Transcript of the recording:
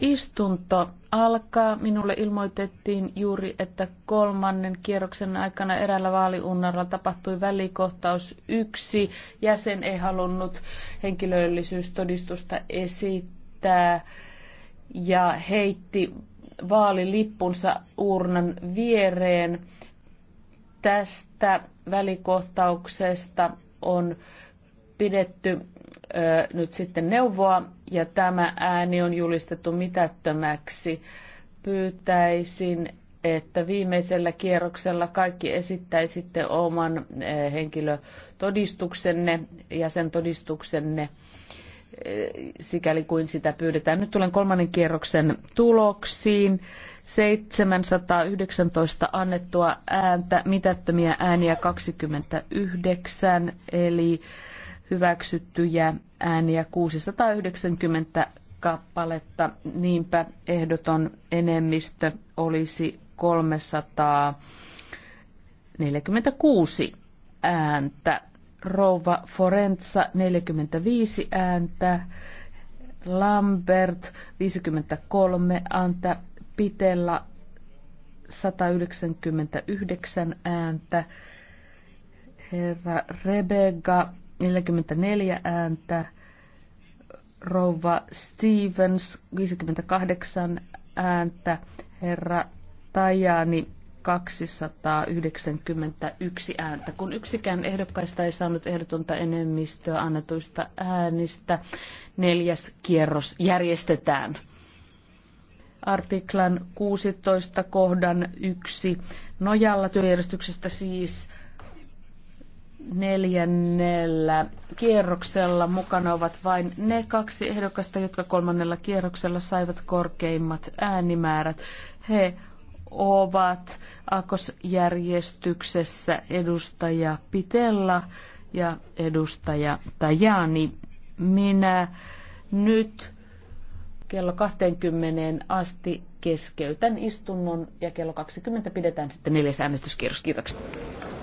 Istunto alkaa. Minulle ilmoitettiin juuri, että kolmannen kierroksen aikana eräällä vaaliunnalla tapahtui välikohtaus. Yksi jäsen ei halunnut henkilöllisyystodistusta esittää ja heitti vaalilippunsa urnan viereen. Tästä välikohtauksesta on pidetty ö, nyt sitten neuvoa ja tämä ääni on julistettu mitättömäksi. Pyytäisin, että viimeisellä kierroksella kaikki esittäisitte oman eh, henkilötodistuksenne, jäsentodistuksenne, eh, sikäli kuin sitä pyydetään. Nyt tulen kolmannen kierroksen tuloksiin. 719 annettua ääntä, mitättömiä ääniä 29, eli hyväksyttyjä ääniä 690 kappaletta. Niinpä ehdoton enemmistö olisi 346 ääntä. Rova Forenza 45 ääntä, Lambert 53 ääntä, Pitella 199 ääntä, herra Rebega 44 ääntä, rouva Stevens 58 ääntä, herra Tajani 291 ääntä. Kun yksikään ehdokkaista ei saanut ehdotonta enemmistöä annetuista äänistä, neljäs kierros järjestetään. Artiklan 16 kohdan 1 nojalla työjärjestyksestä siis neljännellä kierroksella. Mukana ovat vain ne kaksi ehdokasta, jotka kolmannella kierroksella saivat korkeimmat äänimäärät. He ovat akosjärjestyksessä edustaja Pitella ja edustaja Tajani. Minä nyt kello 20 asti keskeytän istunnon ja kello 20 pidetään sitten neljäs äänestyskierros. Kiitoksia.